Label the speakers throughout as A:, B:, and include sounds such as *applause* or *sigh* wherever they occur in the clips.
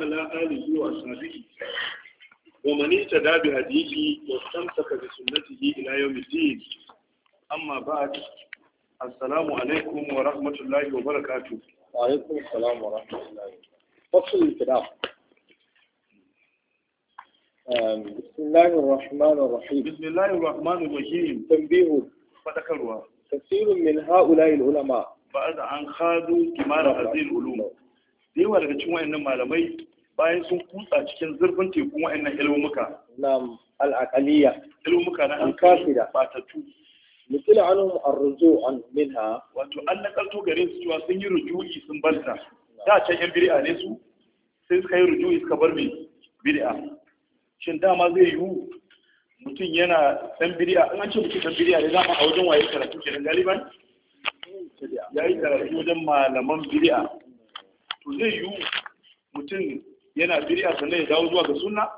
A: وعلى آله وأصحابه ومن اهتدى بهديه واستمسك بسنته إلى يوم الدين أما بعد السلام عليكم ورحمة الله وبركاته وعليكم السلام ورحمة الله فصل الكلام بسم الله الرحمن الرحيم بسم الله الرحمن الرحيم تنبيه فذكروا كثير من هؤلاء العلماء بعد أن خاضوا كمال هذه العلوم da yawa daga cikin wayannan malamai bayan sun kutsa cikin zurfin teku wayannan ilmuka na'am al-aqaliyya ilmuka na al-kafira batatu مثل عنهم الرجوع an wato an nakalto garin su cewa sun yi rujui sun barta da can yan bid'a ne su sai suka yi rujui suka bar mai bid'a shin dama zai yiwu mutum yana dan bid'a in an ce mutum dan bid'a ne zama a wajen waye karatu kenan galiban ya yi karatu wajen malaman bid'a to zai yiwu mutum yana a sannan ya dawo zuwa ga suna?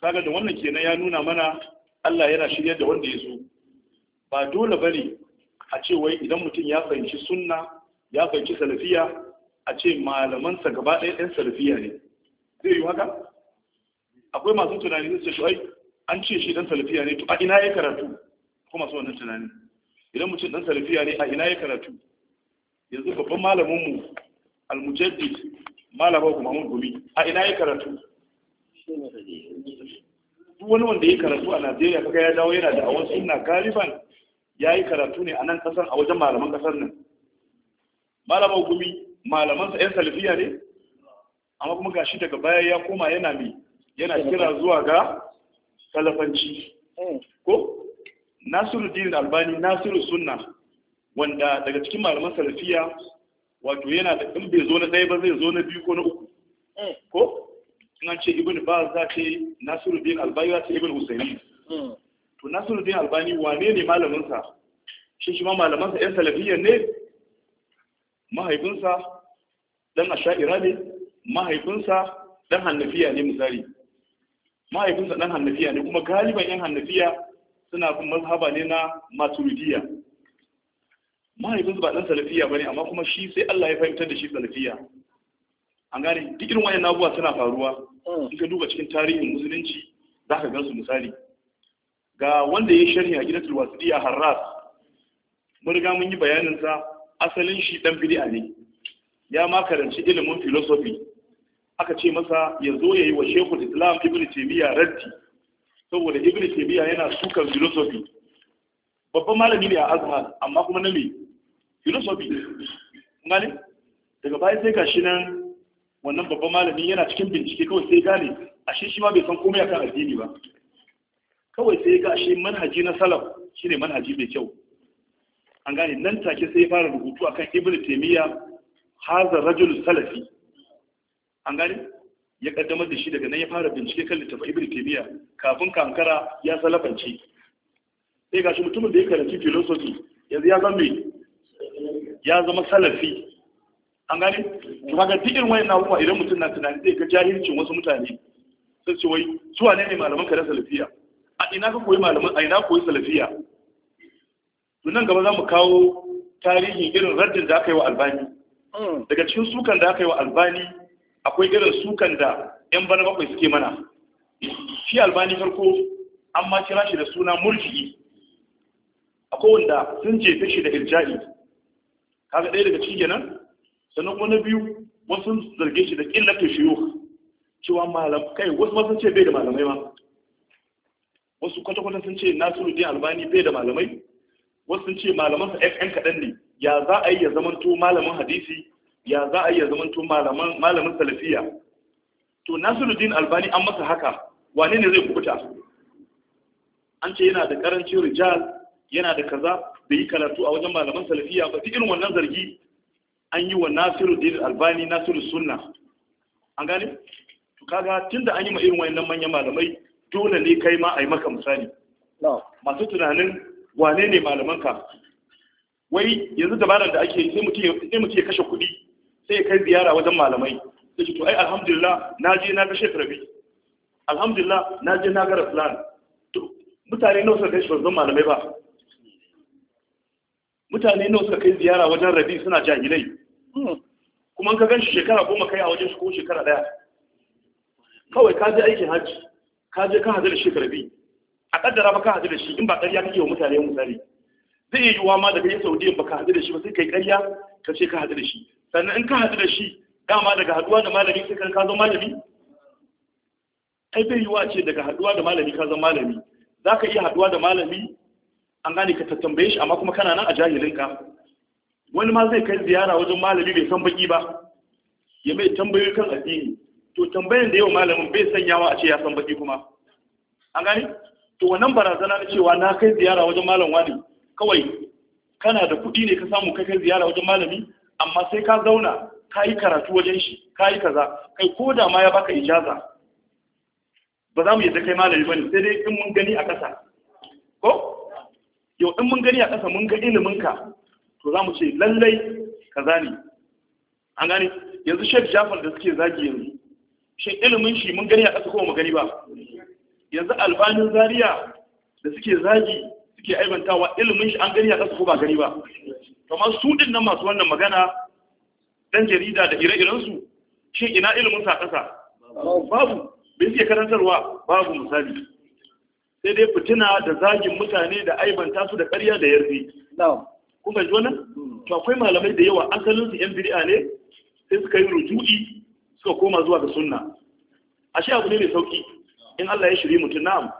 A: kaga da wannan kenan ya nuna mana Allah yana shirya da wanda ya so ba dole ba ne a ce wai idan mutum ya fahimci sunna ya fahimci salafiya a ce malamansa gaba ɗaya ɗan salafiya ne zai yi haka akwai masu tunani zai shi an ce shi ɗan salafiya ne to a ina ya karatu kuma su wannan tunani idan mutum ɗan salafiya ne a ina ya karatu yanzu babban malamin mu al-mujaddid malama ku Gumi a ina ya karatu duk wani wanda ya karatu a Najeriya kaga ya dawo yana da awon sunna galiban ya yi karatu ne a nan kasar a wajen malaman kasar nan malaman gumi malamansa 'yan salafiya ne amma kuma gashi daga baya ya koma yana mai yana kira zuwa ga salafanci eh. ko nasiru dinin albani nasiru sunna wanda daga cikin malaman salafiya wato yana da in bai zo na ɗaya ba zai zo na biyu ko na uku mm. ko ina ce ibn ba za ce nasiruddin albani za ce ibn husaini mm. to nasiruddin albani wane ne malaminsa shi shi ma malamansa yan salafiya ne mahaifinsa dan asha'ira ne mahaifinsa dan hannafiya ne misali mahaifinsa dan hannafiya ne kuma galiban yan hannafiya suna bin mazhaba ne na maturidiyya mahaifinsu ba ɗan salafiya ba ne amma kuma shi sai Allah ya fahimtar da shi salafiya an gane duk irin wayan nabuwa suna faruwa mm. in ka duba cikin tarihin musulunci za ka su misali ga wanda ya sharhi a gidatul wasiya harras mun riga mun yi bayanin sa asalin shi dan bid'a ne ya ma karanci ilimin philosophy aka ce masa ya zo yayi wa shehu islam ibn taymiya raddi saboda ibn taymiya yana sukan philosophy babban malami ne a azhar amma kuma na me philosophy ngane daga baya sai gashi nan wannan babban malamin yana cikin bincike kawai sai gane ashe shi ma bai san komai akan addini ba kawai sai ga ashe manhaji na salaf shine manhaji mai kyau an gane nan take sai ya fara rubutu akan ibn taymiya hazar rajul salafi an gane ya kaddamar da shi daga nan ya fara bincike kan littafa ibn taymiya kafin kankara ya salafance sai gashi mutumin da ya karanci filosofi yanzu ya zama mai ya zama salafi an gane to kaga duk irin wayannan abubuwa idan mutum na tunani zai ka jahilcin wasu mutane sai ce wai su wane ne malaman ka na salafiya a ina ka koyi malaman a ina koyi salafiya to nan gaba zamu kawo tarihin irin raddin da aka yi wa albani hmm. daga cikin sukan da aka yi wa albani akwai irin sukan da yan bana bakwai suke mana shi albani farko an ma kira shi da suna murji'i akwai wanda sun jefe shi da irja'i kaga ɗaya daga cikin nan sannan kuma na biyu wasu zarge shi da ƙillata shiyo cewa malam kai wasu ma sun ce bai da malamai ma wasu kwata-kwata sun ce nasiruddin din albani bai da malamai wasu sun ce malamansa fm kaɗan ne ya za a yi ya zamanto malamin hadisi ya za a yi ya zamanto malamin salafiya to nasiruddin din albani an masa haka wane ne zai kubuta an ce yana da karancin rijal yana da kaza da yi karatu a wajen malaman salafiya ba cikin wannan zargi an yi wa nasiru din albani nasiru sunna an gane to kaga tunda an yi ma irin wayannan manyan malamai dole ne kai ma a yi maka misali masu tunanin wane ne malamanka wai yanzu dabarar da ake sai mutum sai mutum ya kashe kuɗi sai ya kai ziyara wajen malamai sai to ai alhamdulillah na je na kashe Sheikh Rabi alhamdulillah na je na ga Raflan to mutane nawa suka kai shi wajen malamai ba mutane nawa suka kai ziyara wajen rabi suna jahilai hmm. kuma ka gan shi shekara goma kai a wajen shi ko shekara daya kawai ka je aikin hajji ka je ka hadu da shi rabi a kaddara ba ka hadu da shi in ba ƙarya kake wa mutane misali zai iya yiwuwa ma daga kai saudiya ba ka hadu da shi ba sai kai ƙarya ka ce ka hadu da shi sannan in ka hadu da shi dama daga haduwa da malami sai kan ka zo malami ai bai yiwuwa ce daga haduwa da malami ka zo malami za ka iya haduwa da malami an gane ka tattambaye shi amma kuma kana nan a jahilinka wani ma zai kai ziyara wajen malami bai san baki ba ya mai tambayoyi kan addini to tambayan da yau malamin bai sanyawa a ce ya san baki kuma an gani? to wannan barazana na cewa na kai ziyara wajen malam wani kawai kana da kuɗi ne ka samu kai kai ziyara wajen malami amma sai ka zauna ka yi karatu wajen shi ka yi kaza kai ko da ma ya baka ijaza ba za mu yadda kai malami bane sai dai in mun gani a ƙasa ko yau in mun gani a ƙasa mun ga ilimin ka to za mu ce lallai ka zane an gane yanzu shek jafar da suke zagi yanzu shek ilimin shi mun gani a ƙasa kowa mu gani ba yanzu albanin zaria da suke zagi suke aibantawa ilimin shi an gani a ƙasa kowa ba gani ba kamar su din nan masu wannan magana dan jarida da ire-irensu shi ina ilimin sa ƙasa babu bai suke karantarwa babu misali sai dai fitina da zagin mutane da aibanta su da ƙarya da yarfi kun fahimci wannan hmm. to akwai malamai da yawa asalin su yan bid'a ne sai suka yi ruju'i suka koma zuwa ga sunna ashe abu ne mai sauki in Allah ya shiri mutum na'am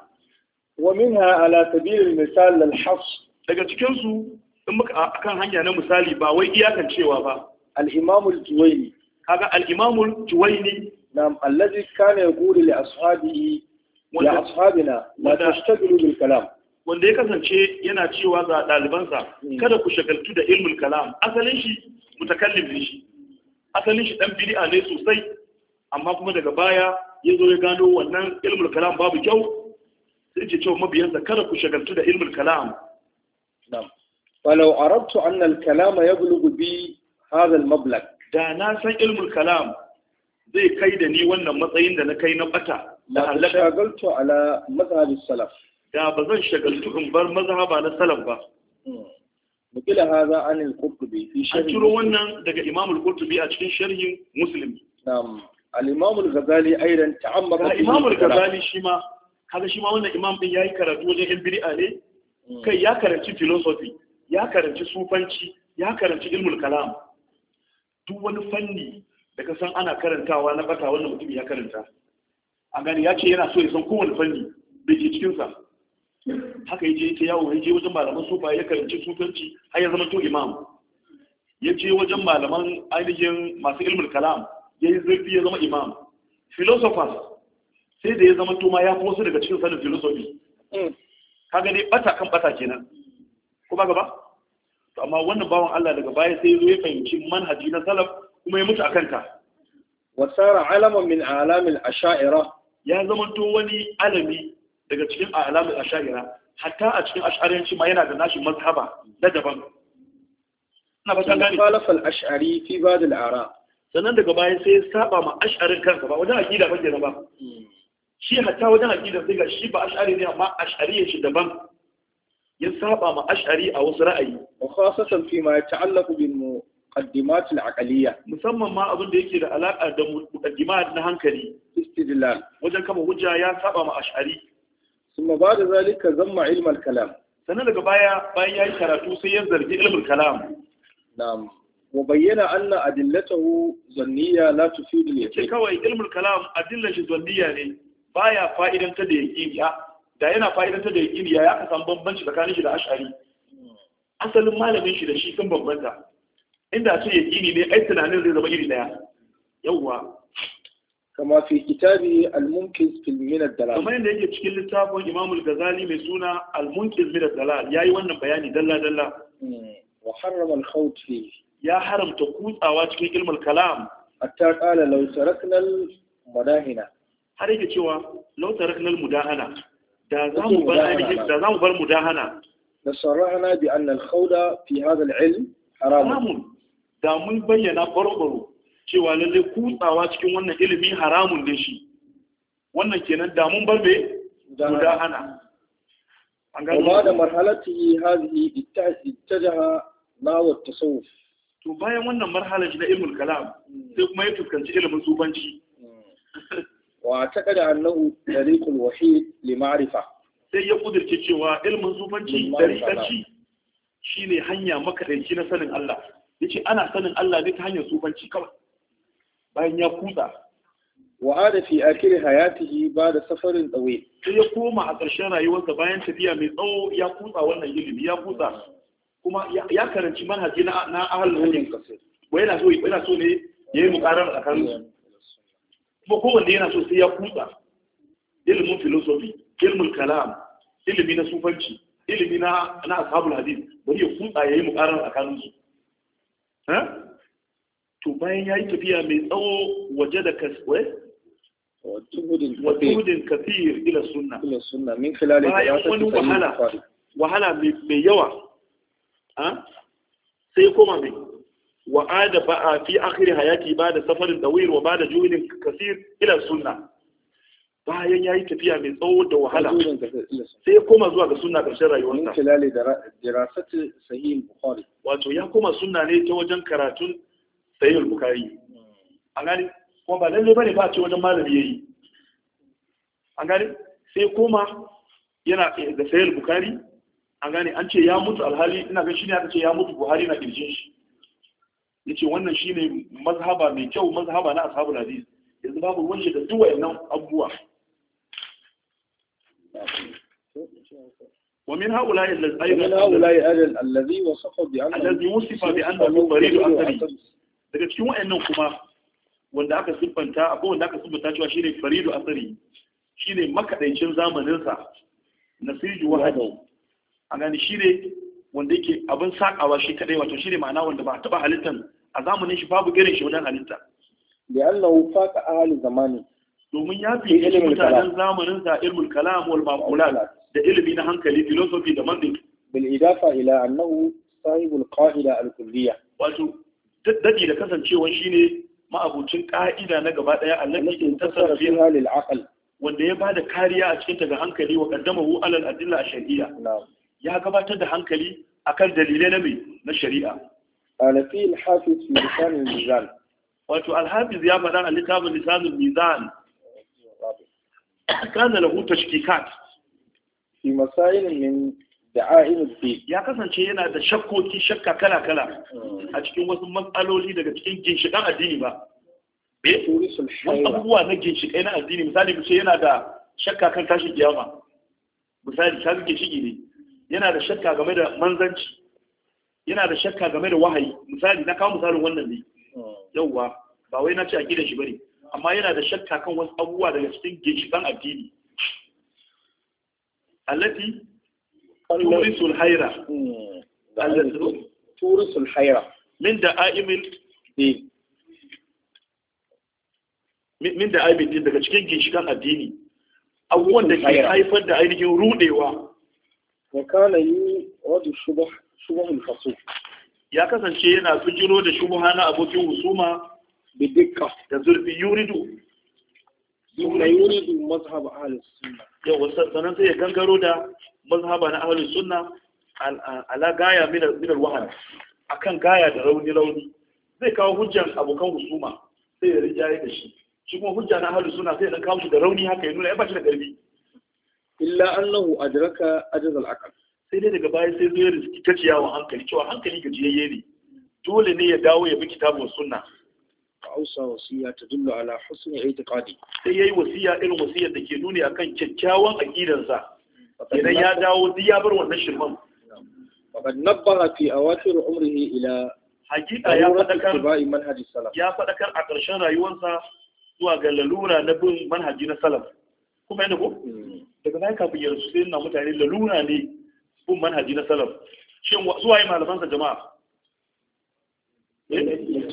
A: wa ha ala misal al daga cikinsu, su in muka akan hanya na misali ba wai iyakan cewa ba al imam al kaga al imam al juwayni nam allazi kana yaqulu li ashabihi ya ashabina la wanda ya kasance yana cewa ga ɗalibansa hmm. kada ku shagaltu da ilmul kalam asalin shi mutakallim ne shi asalin shi dan bid'a ne sosai amma kuma daga baya ya zo ya gano wannan ilmul kalam babu kyau sai ce cewa mabiyansa kada ku shagaltu da ilmul kalam na'am falau arabtu anna al kalama yablughu bi hadha al da na san ilmul kalam zai kai da ni wannan matsayin da na kai na bata la shagaltu ala mazhab salaf da ba zan shagaltu in bar mazhaba na salaf ba mukila hmm. haza an al-qurtubi fi sharhi ciro wannan daga imam al-qurtubi a cikin sharhi muslim na'am al-imam al-ghazali aidan ta'ammaka imam al-ghazali shi ma kaga shi ma wannan imam din yayi karatu wajen yan bid'a ne hmm. kai ya karanci philosophy ya karanci sufanci ya karanci ilmul kalam duk wani fanni da ka san ana karantawa na bata wannan mutum ya karanta an gani ya ce yana so ya san kowane fanni da ke cikinsa haka ya je ta yawo ya je wajen malaman sufa ya karanci sufanci har ya zama to imam ya je wajen malaman ainihin masu ilmin kalam ya yi zurfi ya zama imam philosophers sai da ya zama to ma ya fi wasu daga cikin sanin philosophy mm. Ka gani bata kan bata kenan kuma gaba to amma wannan bawan Allah daga baya sai ya zo ya fahimci manhaji na salaf kuma ya mutu a kanta wasara alaman min alamin asha'ira ya zama zamanto wani alami daga cikin alamun asha'ira hatta a cikin ash'ariyanci ma yana da nashi mazhaba na daban na ba san gane falafal ash'ari fi ba'd al-ara sannan daga baya sai ya saba ma ash'arin kansa ba wajen aqida ba kenan ba hmm. shi hatta wajen aqida sai ga shi ba ash'ari ne amma ash'ariyan shi daban ya saba ma ash'ari a wasu ra'ayi wa khasatan fi ma ya yata'allaqu bil muqaddimat al-aqliyya musamman ma abin da yake da alaka da muqaddimat na hankali istidlal wajen kama hujja ya saba ma ash'ari thumma ba'da zalika zamma ilm al-kalam sannan daga baya bayan yayi karatu sai ya zargi ilm al-kalam na'am wa bayyana anna adillatahu zanniya la tufidu al-yaqin kawai ilmin al-kalam adillan shi zanniya ne baya fa'idanta da yaqini da yana fa'idantar da yaqini ya ka san bambanci tsakanin shi da ash'ari hmm. asalin malamin shi da shi sun bambanta inda ce yaqini ne ai tunanin zai zama iri daya yawwa kama fi kitabi al-munqiz fil min ad-dalal kamar yadda yake cikin littafin Imam al-Ghazali mai suna al-munqiz min ad-dalal yayi wannan bayani dalla dalla hmm. wa harrama al-khawt fi ya haramta kutsawa cikin ilmul kalam hatta qala law tarakna al-mudahina har yake cewa law tarakna al-mudahana da za mu bar da za mu bar mudahana la sarahna bi anna al-khawda fi hadha al-ilm haramun da mun bayyana baro cewa lalle kutsawa cikin wannan ilimi haramun da shi wannan kenan da mun barbe guda hana an ga amma da marhalati hazihi ittajaha lawa tasawuf to bayan wannan marhalar na ilmul kalam hmm. sai kuma ya fuskanci ilimin zubanci hmm. wa ta kada annahu tariqul wahid li ma'rifa sai ya kudirce cewa ilmin zubanci tariqaci shine hanya makadanci na sanin Allah yace ana sanin Allah ne ta hanyar sufanci kawai bayan ya kutsa wa ada fi akhir hayatihi ba'da safarin tsawe sai ya koma a ƙarshen rayuwarsa bayan tafiya mai tsawo ya kutsa wannan ilimi ya kutsa kuma ya karanci manhaji na na ahlul hadith wai yana so yana so ne yayi muqarrar tsakanin su kuma wanda yana so sai ya kutsa ilimin filosofi ilimin kalam ilimin na sufanci ilimi na na ashabul hadith bari ya kutsa yayi muqarrar a kan to bayan ya yi tafiya mai tsawo waje da kaswai watubudin eh? kafir ila suna ila sunna min khilali bayan wani wahala wahala mai yawa sai koma mai wa'ada ba a fi akhiri hayati ba da safarin dawir wa ba da juhudin kasir ila suna. bayan ya yi tafiya mai tsawo da wahala sai ya koma zuwa ga suna ƙarshen rayuwarsa wato ya koma suna ne ta wajen karatun sahih bukhari an gani kuma ba lalle ne ba ce wajen malami yayi an gani sai koma yana eh, da sahih bukhari an gani an ce ya mutu alhali ina ga ne aka ce ya mutu buhari na ƙirjin shi yace wannan shine mazhaba mai kyau mazhaba na ashabu hadis yanzu babu ruwan shi da duwa wayannan abubuwa ومن هؤلاء ومن هؤلاء الذي وصف بأنه الذي وصف بأنه بريد أثري daga cikin wayannan kuma wanda aka siffanta akwai wanda aka siffanta cewa shine faridu asari shine makadaicin zamanin sa nasiju wahadu A gani shine wanda yake abin sakawa shi kadai wato shine ma'ana wanda ba taba halittan a zamanin shi babu irin shi wajen halitta da Allah faqa ahli zamani domin ya fi ilimin mutanen zamanin sa ilmul kalam wal maqulat da ilimi na hankali philosophy da mantiq bil idafa ila annahu sahibul qa'ida al kulliyya wato dadi da kasancewan shine ma'abucin ka'ida na gaba daya allati tasarrafi lil aql wanda ya bada kariya a cikin ta ga hankali wa qaddamahu alal adilla shar'iyya ya gabatar da hankali akan dalilai na mai na shari'a alafi al-hafiz fi lisan al-mizan wato al-hafiz ya faɗa a littafin lisan al-mizan *coughs* kana lahu tashkikat fi masailin min da'ain fi ya kasance yana da shakkoki shakka kala kala hmm. a cikin wasu matsaloli daga cikin ginshiƙan addini ba eh abubuwa na ginshiƙai na addini misali mu ce yana da shakka kan tashin kiyama misali ka zuke shigi ne yana da shakka game da manzanci yana da shakka game da wahayi misali na kawo misalin wannan ne hmm. yauwa ba wai na ce a gidan shi bane amma yana da shakka kan wasu abubuwa daga cikin ginshiƙan addini allati turisul haira allati turisul haira hmm. min da aimil e. min da aimin din daga cikin ginshiƙan addini abubuwan da ke haifar da ainihin rudewa Ya kana yi wadda shubahun kaso. ya kasance yana fujiro da shubuha na abokin husuma bidikka da zurfi yuridu na yuridu mazhab ahlus sunna yau sannan sai ya gangaro da mazhaba na ahlus sunna ala gaya min al akan gaya da rauni rauni zai kawo hujjan abokan husuma sai ya rijaye da shi shi kuma hujja na ahlus sunna sai ya kawo shi da rauni haka ya nuna ya bashi da garbi illa annahu adraka ajaz al-aql sai dai daga baya sai zai ya riski ta ciyawa hankali cewa hankali gajiyayye ne dole ne ya dawo ya bi kitabun sunna فأوصى وصية تدل على حسن اعتقادي yayi wasiya irin wasiyar da ke nuni akan kyakkyawan aqidarsa idan ya dawo duk ya bar wannan shirman faqad nabbaha ya fadakar ya a ƙarshen rayuwarsa zuwa ga lalura na bin manhaji na salaf kuma yana ko hmm. daga nan kafin sai na mutane lalura ne bin manhaji na salaf shin zuwa yi malamansa jama'a Shin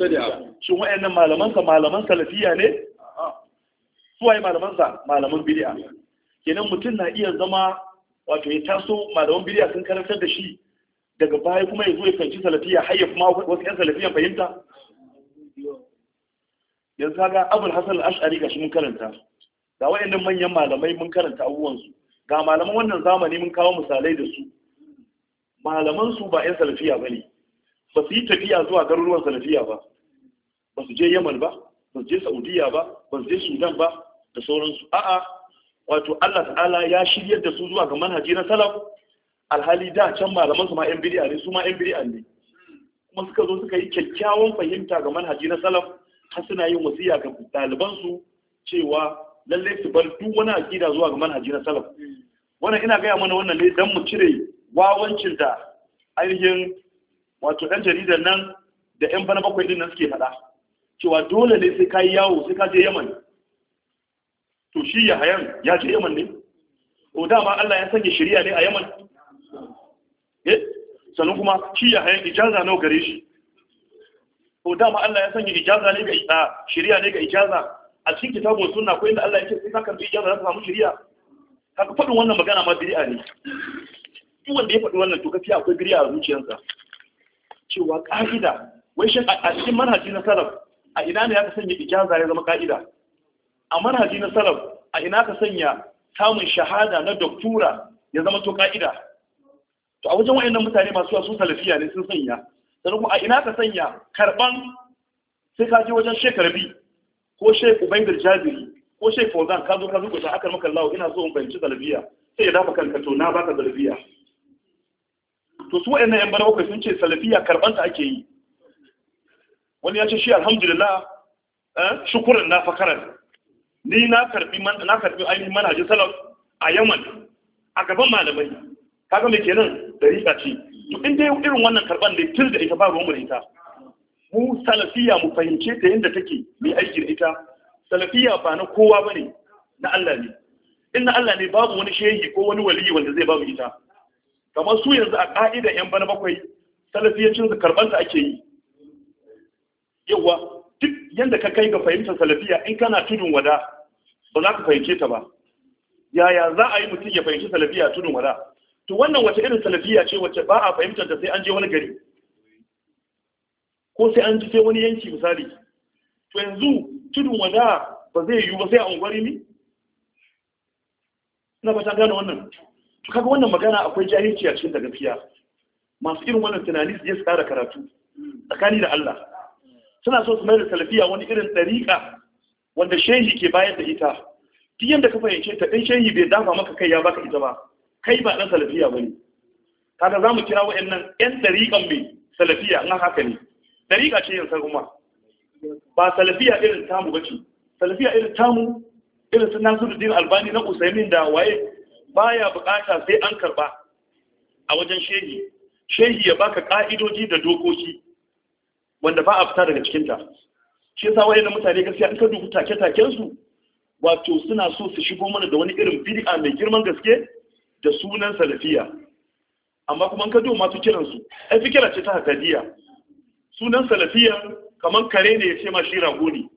A: shi wa'annan malamansa malaman salafiya ne Su waye malamansa malaman bid'a kenan mutum na iya zama wato ya taso malaman bid'a sun karantar da shi daga baya kuma ya zo ya fahimci salafiya har ya kuma wasu yan salafiyan fahimta yanzu kaga abul hasan al-ash'ari gashi mun karanta ga wa'annan manyan malamai mun karanta abubuwan su ga malaman wannan zamani mun kawo misalai da su malaman su ba yan salafiya bane ba su yi tafiya zuwa garuruwan salafiya ba ba su je yaman ba ba su je saudiya ba ba su je sudan ba da sauransu a'a wato allah ta'ala ya shiryar da su zuwa ga manhaji na salaf alhali da can malaman su ma yan bid'a ne su ma yan bid'a ne kuma suka zo suka yi kyakkyawan fahimta ga manhaji na salaf har suna yin wasiya ga ɗaliban su cewa lalle su bar duk wani aqida zuwa ga manhaji na salaf wannan ina gaya mana wannan ne dan mu cire wawancin da ainihin wato ɗan jaridar nan da 'yan bana bakwai ɗin nan suke faɗa cewa dole ne sai ka yi yawo sai ka je yaman to shi ya hayan ya je yaman ne o dama Allah ya sanya shari'a ne a yaman eh sannan kuma shi ya hayan ijaza nawa gare shi o dama Allah ya sanya ijaza ne ga shari'a ne ga ijaza a cikin kitabun sunna ko inda Allah ya ce sai ka karbi ijaza za ka samu shari'a kaga faɗin wannan magana ma biri'a ne duk wanda ya faɗi wannan to gaskiya akwai biri'a a zuciyarsa cewa ƙa'ida wai shi a cikin manhaji na salaf a ina ne ka sanya ijaza ya zama ƙa'ida a manhaji na salaf a ina ka sanya samun shahada na doktura ya zama to ƙa'ida to a wajen wayannan mutane masu wasu salafiya ne sun sanya sannan kuma a ina ka sanya karban sai ka je wajen shekarbi ko shek ubangir jaziri ko shek fozan ka zo ka zuƙuta akar maka lawo ina so in fahimci salafiya sai ya dafa kanka to na baka salafiya to su waɗannan yan bana sun ce salafiya karɓanta ake yi wani ya ce shi alhamdulillah eh, shukurin na fakarar ni na karɓi na ainihin manhajin salaf a yaman a gaban malamai kaga me kenan dariƙa ce to in dai irin wannan karban da tun da ita ba ruwan mu ita mu salafiya mu fahimce ta yadda take mai aiki da ita salafiya ba na kowa bane na Allah ne in na Allah ne babu wani shehi ko wani waliyi wanda zai babu ita kamar su yanzu a ƙa'ida yan bana bakwai salafiyacin su karɓar ta ake yi yawa duk yadda ka kai ga fahimtar salafiya in kana tudun wada ba za ka fahimce ta ba yaya za a yi mutum ya fahimci salafiya tudun wada to wannan wace irin salafiya ce wacce ba a fahimtar ta sai an je wani gari ko sai an ji sai wani yanki misali to yanzu tudun wada ba zai yiwu ba sai a unguwar ni? ina ta gane wannan to kaga wannan magana akwai jahilci a cikin da gaskiya masu irin wannan tunani su je su kara karatu tsakani da Allah suna so su mai da salafiya wani irin dariƙa wanda shehi ke bayar da ita duk yadda ka fahimce ta ɗin shehi bai dafa maka kai ya baka ita ba kai ba ɗan salafiya ba ne kaga za mu kira wa'annan 'yan ɗariƙan mai salafiya na haka ne Dariƙa ce yin sarkuma ba salafiya irin tamu ba ce salafiya irin tamu irin su nasiruddin albani na usaimin da waye baya bukata sai an karba a wajen shehi shehi ya baka ka'idoji da dokoki wanda ba a fita daga cikinta shi yasa wayannan mutane gaskiya in ka dubu take-taken su wato suna so su shigo mana da wani irin bid'a mai girman gaske da sunan salafiya amma kuma in ka duba masu kiran su ai fikira ce ta hakadiya sunan salafiya kaman kare ne ya ce ma shi rago ne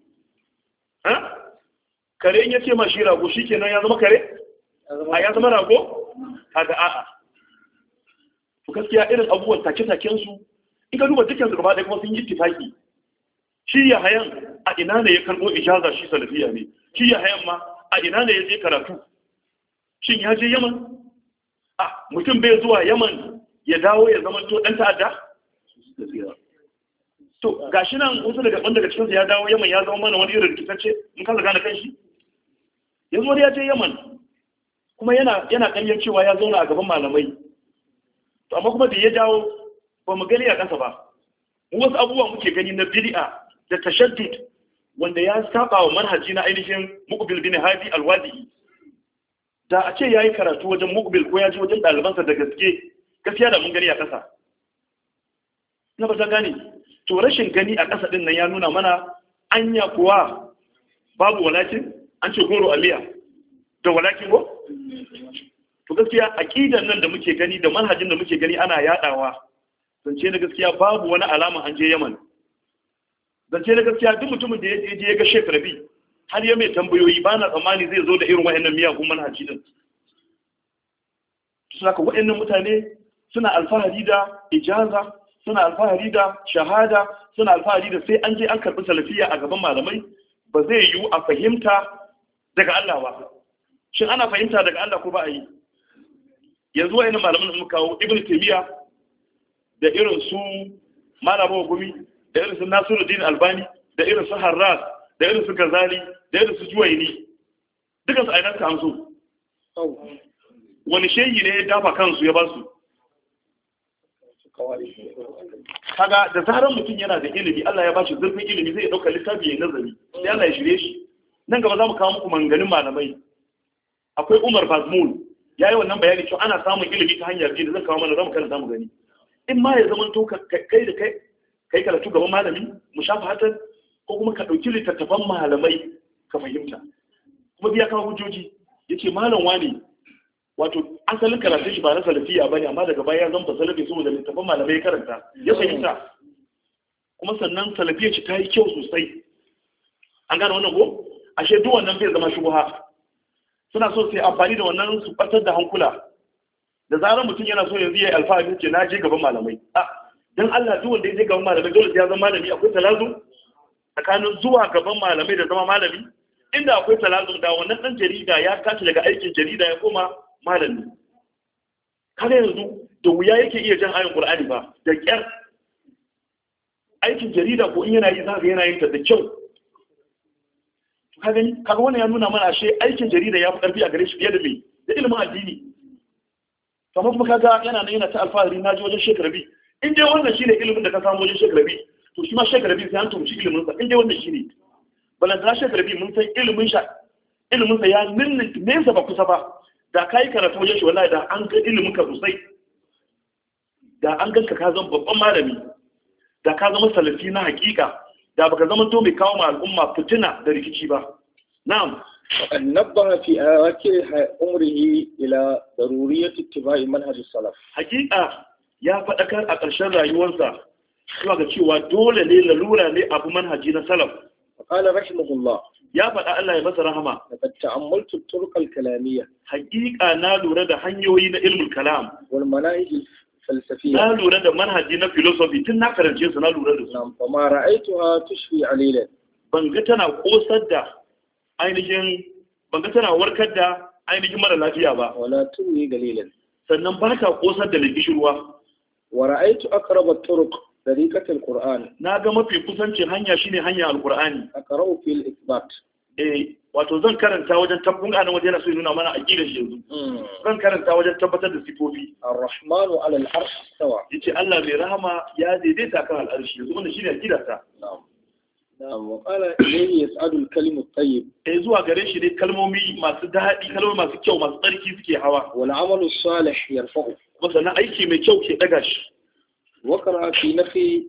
A: kare in ya ce ma shi rago shikenan ya zama kare a ya zama rago kaga a'a to gaskiya irin abubuwan take takensu in ka duba dukkan su gaba ɗaya kuma sun yi tifaki shi ya hayan a ina ne ya karɓo ijaza shi salafiya ne shi ya hayan ma a ina ne ya je karatu shin ya je yaman a mutum bai zuwa yaman ya dawo ya zama to ɗan ta'adda to shi nan wasu daga ɓan daga cikinsu ya dawo yaman ya zama mana wani irin rikitacce in ka zaga na kan shi yanzu wani ya je yaman kuma yana yana ƙaryar cewa ya zauna a gaban malamai to amma kuma da ya dawo ba mu gani a ƙasa ba mu wasu abubuwa muke gani na bid'a da tashaddud wanda ya saba wa manhaji na ainihin muqbil bin hadi alwadi da a ce yayi karatu wajen muqbil ko ya ji wajen ɗalibansa da gaske gaskiya da mun gani a ƙasa na ba ta gane to rashin gani a ƙasa ɗin nan ya nuna mana anya kuwa babu walakin an ce goro aliya da walakin ko to gaskiya aqidan nan da muke gani da manhajin da muke gani ana yadawa zance na gaskiya babu wani alama an je Yaman zance na gaskiya duk mutumin da ya je ga Sheikh Rabi har ya mai tambayoyi bana tsammani zai zo da irin wayannan kuma manhaji din saka wayannan mutane suna alfahari da ijaza suna alfahari da shahada suna alfahari da sai an je an karbi salafiya a gaban malamai ba zai yiwu a fahimta daga Allah ba shin ana fahimta daga Allah ko ba a yi yanzu wayannan malaman malamin kawo ibnu taymiya da irin su malama gumi da irin su nasiruddin albani da irin su harras da irin su gazali da irin su juwaini duka su ka kamsu wani shehi ne ya dafa kansu ya ba su kaga da zarar mutum yana da ilimi Allah ya bashi zurfin ilimi zai dauka littafi ya nazari sai Allah ya shirye shi nan gaba za mu kawo muku manganin malamai akwai Umar Bazmul yayi wannan bayani cewa ana samun ilimi ta hanyar jini zan kawo mana zamu kana zamu gani in ma ya zama to kai da kai kai karatu gaban malami mu shafa hatar ko kuma ka dauki littattafan malamai ka fahimta kuma biya kawo hujjoji yace malam wani wato asalin karatun shi ba na salafiya bane amma daga baya zan ba salafi saboda littattafan malamai ya karanta ya fahimta kuma sannan salafiyar ce ta yi kyau sosai an gane wannan ko ashe duk wannan bai zama shubuha suna so su yi amfani da wannan su ɓatar da hankula da zarar mutum yana so yanzu ya yi alfahari ce na je gaban malamai a don Allah duk wanda ya je gaban malamai dole ya zama malami akwai talazu tsakanin zuwa gaban malamai da zama malami inda akwai talazu da wannan dan jarida ya kace daga aikin jarida ya koma malami kada yanzu da wuya yake iya jan ayin Qur'ani ba da kyar aikin jarida ko in yana yi zaka yana yin ta da kyau gani kaga wannan ya nuna mana ashe aikin jarida ya fi karfi a gare shi fiye da me da ilimin addini kamar kuma kaga yana nan yana ta alfahari na ji wajen shekara bi in dai wannan shine ilimin da ka samu wajen shekara bi to shi ma shekara bi sai an tumshi ilimin sa in dai wannan shine balantana shekara bi mun san ilimin sa ilimin sa ya ninnin nesa ba kusa ba da kai karatu wajen shi wallahi da an ga ilimin ka sosai da an ganka ka zama babban malami da ka zama salafi na hakika da baka zama to mai kawo ma al'umma fitina da rikici ba na'am annabba fi ake umrihi ila daruriyat ittiba'i manhaj salaf hakika ya fadakar a ƙarshen rayuwarsa zuwa ga cewa dole ne lalura ne abu manhaji na salaf qala rahimahullah ya faɗa Allah ya masa rahama da ta'ammaltu turuq al-kalamiyya Hakika na lura da hanyoyi na ilmul kalam wal manahij falsafiya na lura da manhaji na filosofi tun na karance su na lura da su nan kuma a tushfi alilan ban ga tana kosar da ainihin tana warkar da ainihin mara lafiya ba wala tuwi galilan sannan ba ta kosar da likishirwa wa ra'aitu aqrab at-turuq da rikatar quran na ga mafi kusancin hanya shine hanya al-qur'ani aqra'u fil isbat eh, wato zan karanta wajen tabbun anan wajen yana so nuna mana aqidar shi yanzu hmm. zan karanta wajen tabbatar da sifofi ar-rahmanu ala al-arsh stawa yace Allah mai rahama ya daidaita kan al-arshi yanzu wannan shine aqidar ta na'am wa qala ilayhi yas'adu al-kalimu tayyib eh zuwa gare shi ne kalmomi masu dadi kalmomi masu kyau masu tsarki suke hawa wal amalu salih yarfa'u kuma sannan aiki mai kyau ke daga shi fi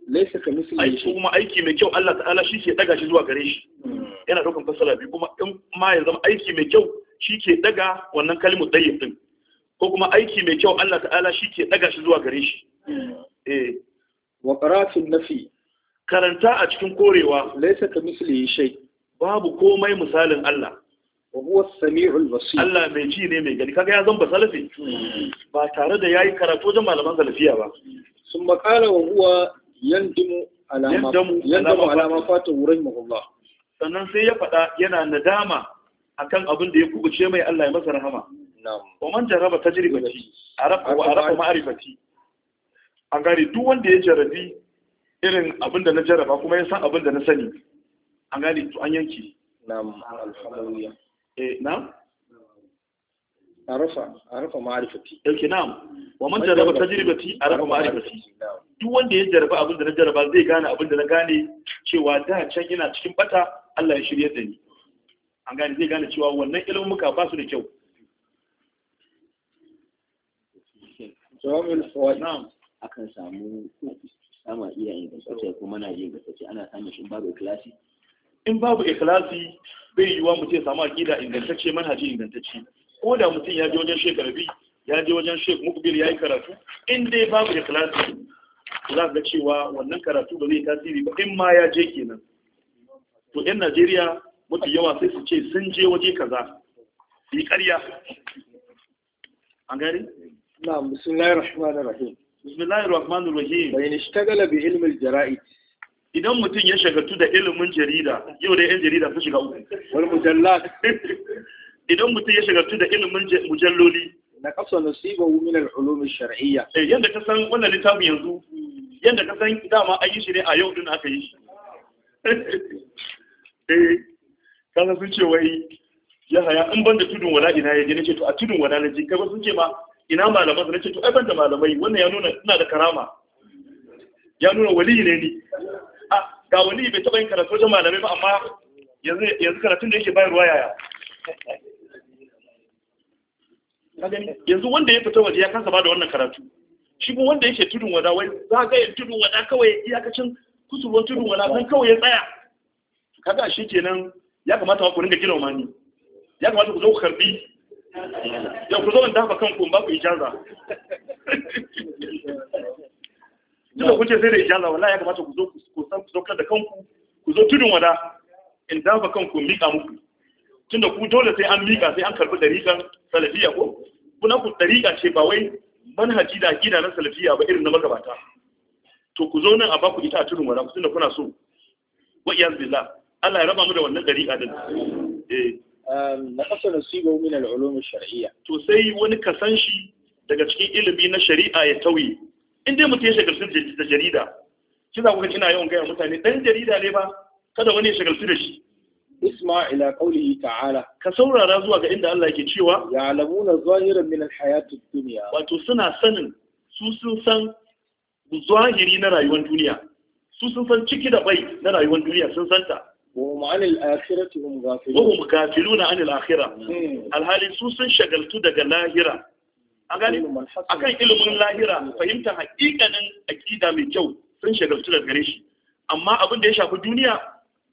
A: laisa ka ليس كمثله شيء kuma aiki mai kyau Allah ta'ala shi ke daga shi zuwa gare shi yana daukan fasala biyu kuma in ma ya zama aiki mai kyau shi ke daga wannan kalmar tayyib din ko kuma aiki mai kyau Allah ta'ala shi ke daga shi zuwa gare shi eh wa na nafi karanta a cikin korewa laysa kamithlihi shi babu komai misalin Allah wa huwa samiul basir Allah mai ji ne mai gani kaga ya zan basalafi ba tare da yayi karatu wajen malaman salafiya ba sun يندم wa ما يندم yandamu alama fata wurin mahullah sannan sai ya faɗa yana nadama akan abin da ya kubuce mai Allah ya masa rahama wa man jaraba tajribati arafa wa arafa ma'rifati an gane duk wanda ya jarabi irin abin da na jaraba kuma ya san abin da na sani an gane to an yanki na'am alhamdulillah eh na'am arafa arafa ma'arifati yauke na'am wa man jaraba a arafa ma'arifati duk wanda ya jaraba abin da na jaraba zai gane abin da na gane cewa da can ina cikin bata Allah ya shirye da ni an gane zai gane cewa wannan ilimin muka ba su da kyau jawabin fawaid na'am akan samu sama iyayen gaskace ko manajin gaskace ana samun shi babu ikhlasi in babu ikhlasi bai yiwuwa mu ce samu aqida ingantacce manhaji ingantacce ko da mutum ya je wajen bi ya je wajen shek mukbil ya yi karatu in dai babu ikhlasi za ga cewa wannan karatu ba zai tasiri ba in ma ya je kenan to yan najeriya mafi yawa sai su ce sun je waje kaza su yi karya an gari? na bismillahir rahmanir rahim bismillahir rahmanir rahim bayan ishtagala bi ilmil jara'id idan mutum ya shagaltu da ilimin jarida yau da yan jarida sun shiga uku wal mujallat *laughs* idan mutum ya shagaltu da ilimin mujalloli na kasa nasiba min al-ulum shar'iyya eh ka san wannan littafin yanzu yadda ka san dama an yi shi ne a yau din aka yi shi *laughs* eh kaga sun ce wai ya haya in ban da tudun wala ina ya gina to a tudun wala ji, kaga sun ce ma ina malaman su ce to ai ban da malamai wannan ya nuna ina da karama ya nuna wali ne ni a ga wali bai taɓa yin karatu wajen malamai ba amma yanzu yanzu karatun da yake bayarwa yaya *laughs* yanzu wanda ya fita waje ya kansa ba da wannan karatu shi kuma wanda yake tudun wada wai za zagayen tudun wada kawai iyakacin kusurwar tudun wada kan kawai ya tsaya kaga shi kenan ya kamata ku ringa gina mani ya kamata ku zo ku karbi ya ku zo kan kanku ba ku ijaza tunda *laughs* kuke sai da ijaza wallahi ya kamata ku zo ku san ku zo da kanku ku zo tudun wada in dafa kanku mika muku tunda ku dole sai an mika sai an karbi dariƙan salafiya ko kuna ku dariƙa ce ba wai manhaji da aqida na salafiya ba irin na magabata to ku zo nan a baku ita a mara ku tunda kuna so wa iyaz billah Allah ya raba mu da wannan dariƙa din eh na kasa nasiba min al-ulum shar'iyya to sai wani kasan shi daga cikin ilimi na shari'a ya tauye in dai mutum ya shagaltu da jarida shi ku ga ina yawan gaya mutane dan jarida ne ba kada wani ya shagaltu da shi isma ila qawlihi ta'ala ka saurara zuwa ga inda Allah yake cewa ya'lamuna zahiran min al-hayati dunya wato suna sanin su sun san zahiri na rayuwar duniya su sun san ciki da bai na rayuwar duniya sun santa وهم عن الآخرة هم غافلون وهم غافلون عن الآخرة الحالي سوسن شغلتو دغ لاهرة أغاني Akan إلمن lahira, فهمت hakikanin أكيدة mai kyau sun shagaltu daga gare shi amma abin da ya shafi duniya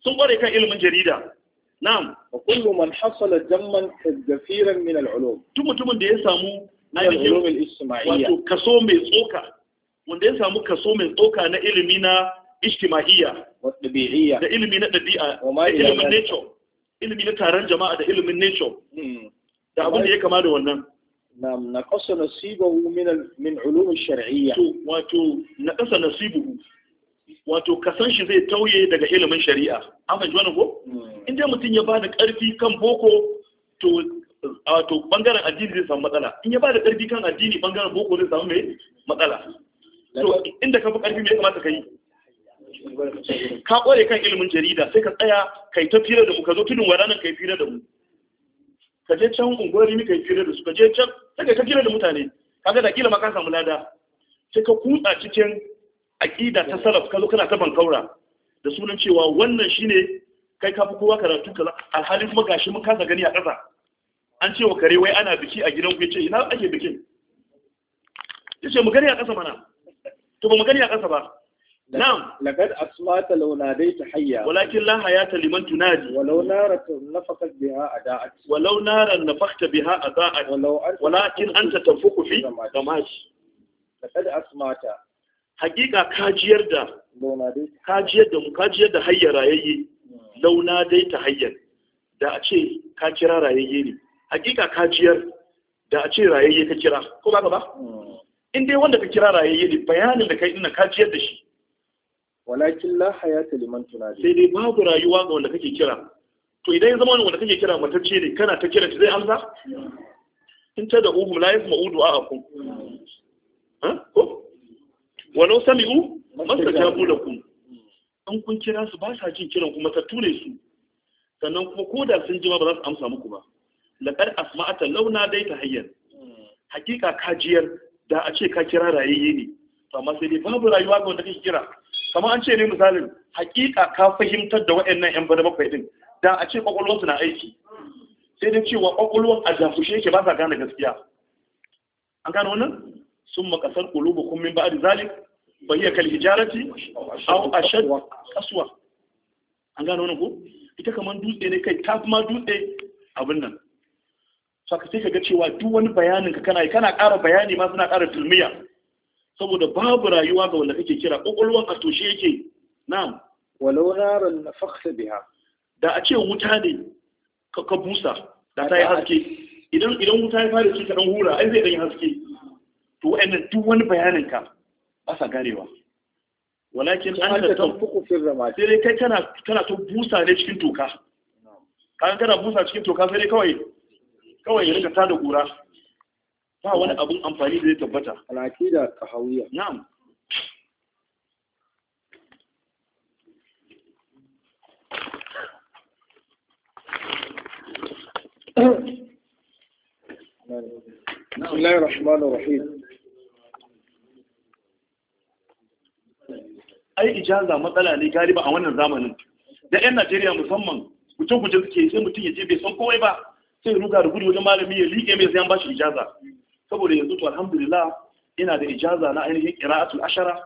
A: sun kware kan ilimin jarida na'am wa kullu man hasala jamman min al-ulum da ya samu al-ulum wato kaso mai tsoka wanda ya samu kaso mai tsoka na ilimi na ijtima'iyya wa da ilimi na dabi'a wa nature ilimi na taron jama'a da nature hmm. da ya wannan na'am naqasa nasibahu min min ulum al-shar'iyya wato naqasa wato kasan shi zai tauye daga ilimin shari'a an fahimci wani ko hmm. in dai mutum ya bada karfi kan boko to wato bangaren addini zai samu matsala in ya bada karfi kan addini bangaren boko zai samu mai matsala to inda ka fi karfi mai kamata ka yi ka kware kan ilimin jarida sai ka tsaya kai ta fira da mu ka zo tudun waranan kai fira da mu ka je can unguwar ni kai fira da su ka je can sai ka fira da mutane kaga da kila ma ka samu lada sai ka kutsa cikin Aqida ta salaf ka kana ta bankaura da sunan cewa wannan shine kai ka kowa karatu kaza kuma gashi mun kasa gani a ƙasa an ce wa kare wai ana biki a gidan ku yace ina ake bikin yace mu gani a ƙasa mana to ba mu gani a ƙasa ba نعم لقد أسمعت لو ناديت حيا ولكن لا حياة لمن تنادي ولو نارا نفخت بها أداءت ولو نارا نفخت بها أداءت ولو أنت ولكن أنت تنفخ في دماج hakika kajiyar da kajiyar da mu kajiyar da hayyar rayayye hmm. launa dai ta hayyar da a ce ka kira rayayye ne hakika kajiyar da a ce rayayye ka kira ko ba ba hmm. in dai wanda ka kira rayayye ne bayanin da kai ina kajiyar da shi walakin la hayata liman tunadi sai dai babu rayuwa ga wanda kake kira to idan ya zama wanda kake kira matacce ne kana ta kira zai amsa hmm. in ta da uhum la yasma'u du'a akum ha ko walau sami'u mastajabu kun kira su ba sa jin kiran kuma ta ture su sannan kuma ko da sun ji ma ba za su amsa muku ba laqad asma'ata launa dai ta hayyan hakika kajiyar da a ce ka kira rayayye ne to amma sai dai babu rayuwa ga wanda kake kira kamar an ce ne misalin hakika ka fahimtar da waɗannan yan bada bakwai din da a ce kwakwalwarsu na aiki sai dai cewa kwakwalwar a jafushe yake ba sa gane gaskiya an gane wannan sun makasar kulubu kun min ba'ad zalik bayyana kal hijarati aw ashad kaswa an gano wannan ko ita kaman dutse ne kai ta ma dutse abin nan saka sai kaga cewa duk wani bayanin ka kana kana ƙara bayani ma suna ƙara tilmiya saboda babu rayuwa ga wanda kake kira kokolwan a toshe yake na'am walau narun nafakhta biha da a ce wuta ne ka ka busa da ta yi haske idan idan wuta ya fara ci ka dan hura ai zai dan yi haske to wa'annan duk wani bayanin ka Ƙasa garewa. ganewa walakin an da tanfuku da ramad sai dai kai kana kana to busa ne cikin toka kan kana busa cikin toka sai dai kawai kawai ya rika tada kura ba wani abun amfani da ya tabbata Alaki da kahawiya. na'am بسم الله الرحمن الرحيم ai ijaza matsala ne galiba a wannan zamanin da yan najeriya musamman guje-guje suke sai mutum ya je bai san kowai ba sai ruga da gudu wajen malami ya liƙe mai sai an bashi ijaza saboda yanzu to alhamdulillah ina da ijaza na ainihin qira'atul ashara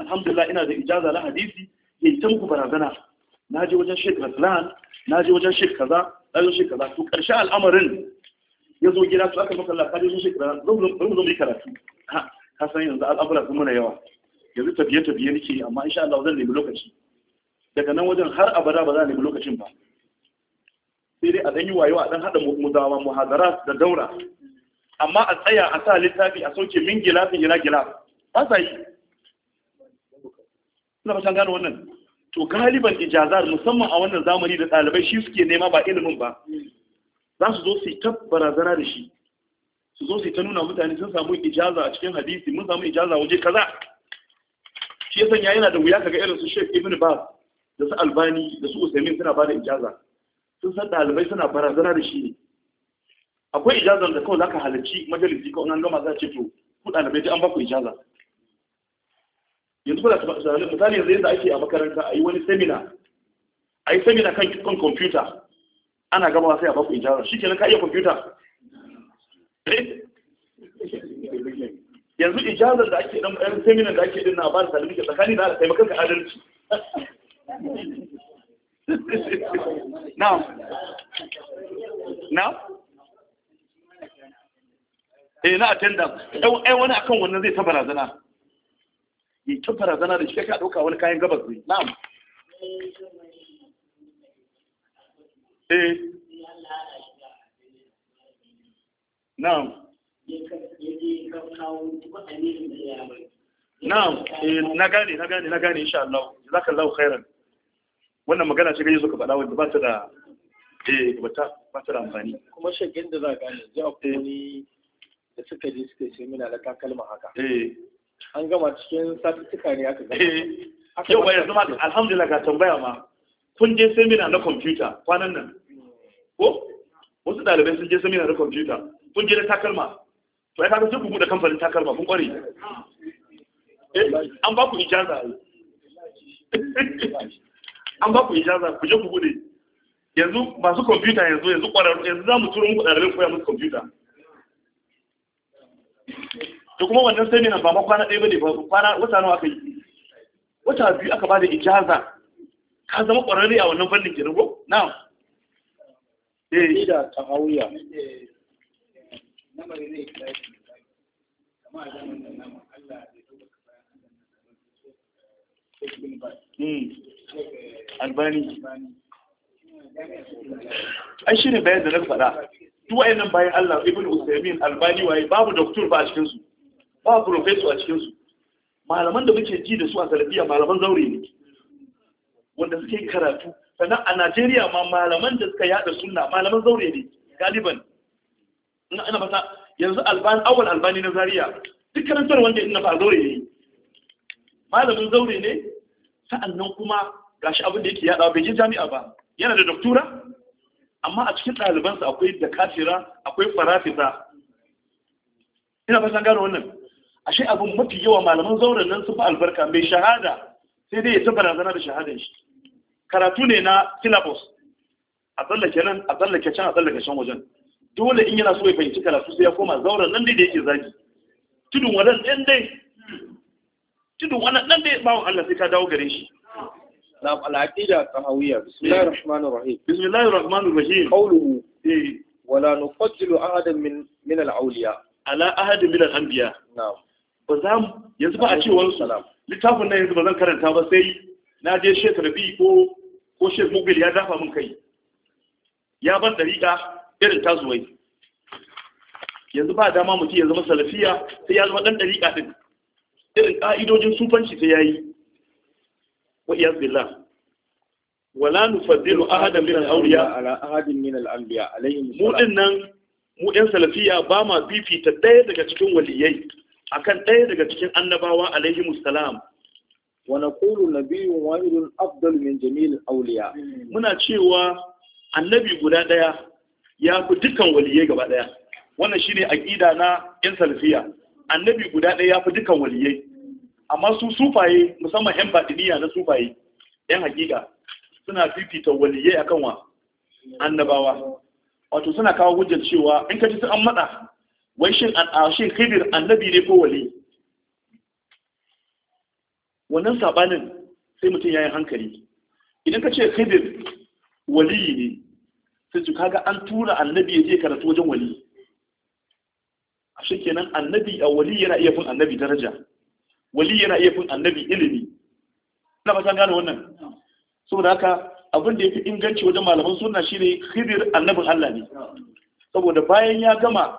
A: alhamdulillah ina da ijaza na hadisi ya ta muku barazana na je wajen Sheikh Raslan na je wajen Sheikh kaza na je Sheikh kaza to karshe al'amarin ya zo gida su aka maka Allah ka je Sheikh Raslan zo zo mu karatu ha ka san yanzu al'amura sun muna yawa yanzu tafiye-tafiye nake amma insha Allah zan nemi lokaci daga nan wajen har abada ba za a nemi lokacin ba sai dai a ɗan yi wayo a ɗan haɗa muzawa muhadara da daura amma a tsaya a sa littafi a sauke min gilafin ila gilaf ba sa yi ina ba gano wannan to galiban ijazar musamman a wannan zamani da ɗalibai shi suke nema ba ilimin ba za su zo su yi ta barazana da shi su zo su yi ta nuna mutane sun samu ijaza a cikin hadisi mun samu ijaza waje kaza shi ya sanya yana da wuya kaga irin su Sheikh Ibn Baz da su Albani da su Usaimin suna bada ijaza sun san dalibai suna barazana da shi ne akwai ijazar da kawai zaka halarci majalisi ko an gama za ce to ku dalibai an ba ku ijaza yanzu kuna misali yanzu yadda ake a makaranta a yi wani semina a yi semina kan kan computer ana gama sai a baku ijaza. ijaza shikenan ka iya computer eh? yanzu ijazar da ake dan ɗan seminar da ake dinna ba da salimi ke tsakani da kai maka adalci *laughs* na'am na'am eh na attendance ai wani akan wannan zai ta barazana yi ta barazana da shi ka ɗauka wani kayan gabas ne na'am eh na'am Na'am, eh, na gane, na gane, na gane insha Allah. Jazakallahu khairan. Wannan magana ce gaje suka faɗa wanda ba ta da eh ba ta da amfani. Kuma za ka gane, da suka je suka ce mina da haka. Eh. An gama cikin satuttuka ne aka gama. Eh. Yau ba alhamdulillah ga tambaya ma. Kun je semina na kwamfuta kwanan nan. Hmm. Ko? Wasu ɗalibai sun je semina na kwamfuta. Kun je da takalma. to ya kaga sai ku buɗe kamfanin takalma kun Eh an ba ku ijaza an ba ku ijaza ku je ku bude yanzu masu kwamfuta yanzu yanzu kwararru, yanzu za mu turo muku ɗararrun koya musu kwamfuta da kuma wannan seminar ba ma kwana ɗaya bane ba kwana wata nawa aka yi wata biyu aka ba da ijaza ka zama ƙwararre a wannan fannin kenan ko na'am eh da ta'awiya al'amari zai yi lafi kama a zaman da nama Allah zai ɗauka bayan Allah na zaman hmm. albani an shi ne bayan da na faɗa duk wa'annan bayan Allah ibn Usaimin albani waye babu doktor ba a cikinsu babu professor a cikinsu malaman da muke ji da su a salafiya malaman zaure ne wanda suke karatu sannan a Najeriya ma malaman da suka yada sunna malaman zaure ne galiban ina fata yanzu albani, awal albani na Zariya, duk karantar wanda ina ba zaure ne malamin zaure ne sa'annan kuma gashi abin da yake yada bai je jami'a ba yana da doktora amma a cikin ɗalibansa akwai da kafira akwai farafita ina ba san gano wannan ashe abin mafi yawa malaman zauren nan sun fi albarka mai shahada sai dai ya ta barazana da shahadar shi karatu ne na syllabus a tsallake nan a tsallake can a tsallake can wajen dole in yana so ya fahimci karatu sai ya koma zauren nan dai da yake zagi tudun wannan ɗan dai tudun wannan ɗan dai bawon Allah sai ka dawo gare shi na al'aqida tahawiyya bismillahir eh. rahmanir rahim bismillahir rahmanir rahim qawluhu eh wala nufaddilu ahadan min min al-awliya ala ahadin min al-anbiya na'am ba za mu yanzu ba a cewar salam. littafin nan yanzu ba zan karanta ba sai na je shekarbi ko ko shek ya dafa min kai ya ban dariƙa irin tazuwai yanzu ba dama mutum ya zama salafiya sai ya zama ɗan ɗariƙa ɗin irin ƙa'idojin sufanci sai ya yi wa iya zila wala nufaddilu ahadan min al-awliya ala ahadin min al-anbiya alayhim mu dinnan mu ɗan salafiya ba ma ta ɗaya daga cikin waliyai akan ɗaya daga cikin annabawa alaihi musalam wa naqulu nabiyyun wahidun afdal min jami'il awliya muna cewa annabi guda ɗaya ya fi dukkan waliyai gaba ɗaya wannan shi shine aƙida na ƴan salfiya. annabi guda ɗaya ya fi dukkan waliyai amma su sufaye musamman yan batiniya na sufaye yan haƙiƙa suna fifita waliyai akan wa annabawa wato suna kawo hujjar cewa in ka ci su an matsa wai shin a shin khidir annabi ne ko wali wannan sabanin sai mutum ya yi hankali idan ka ce khidir wali ne sai su kaga an tura annabi ya je karatu wajen wali a kenan annabi a wali yana iya fin annabi daraja wali yana iya fin annabi ilimi ina ba san gane wannan saboda haka abin da ya fi inganci wajen malaman sunna shine khidir annabin Allah ne saboda bayan ya gama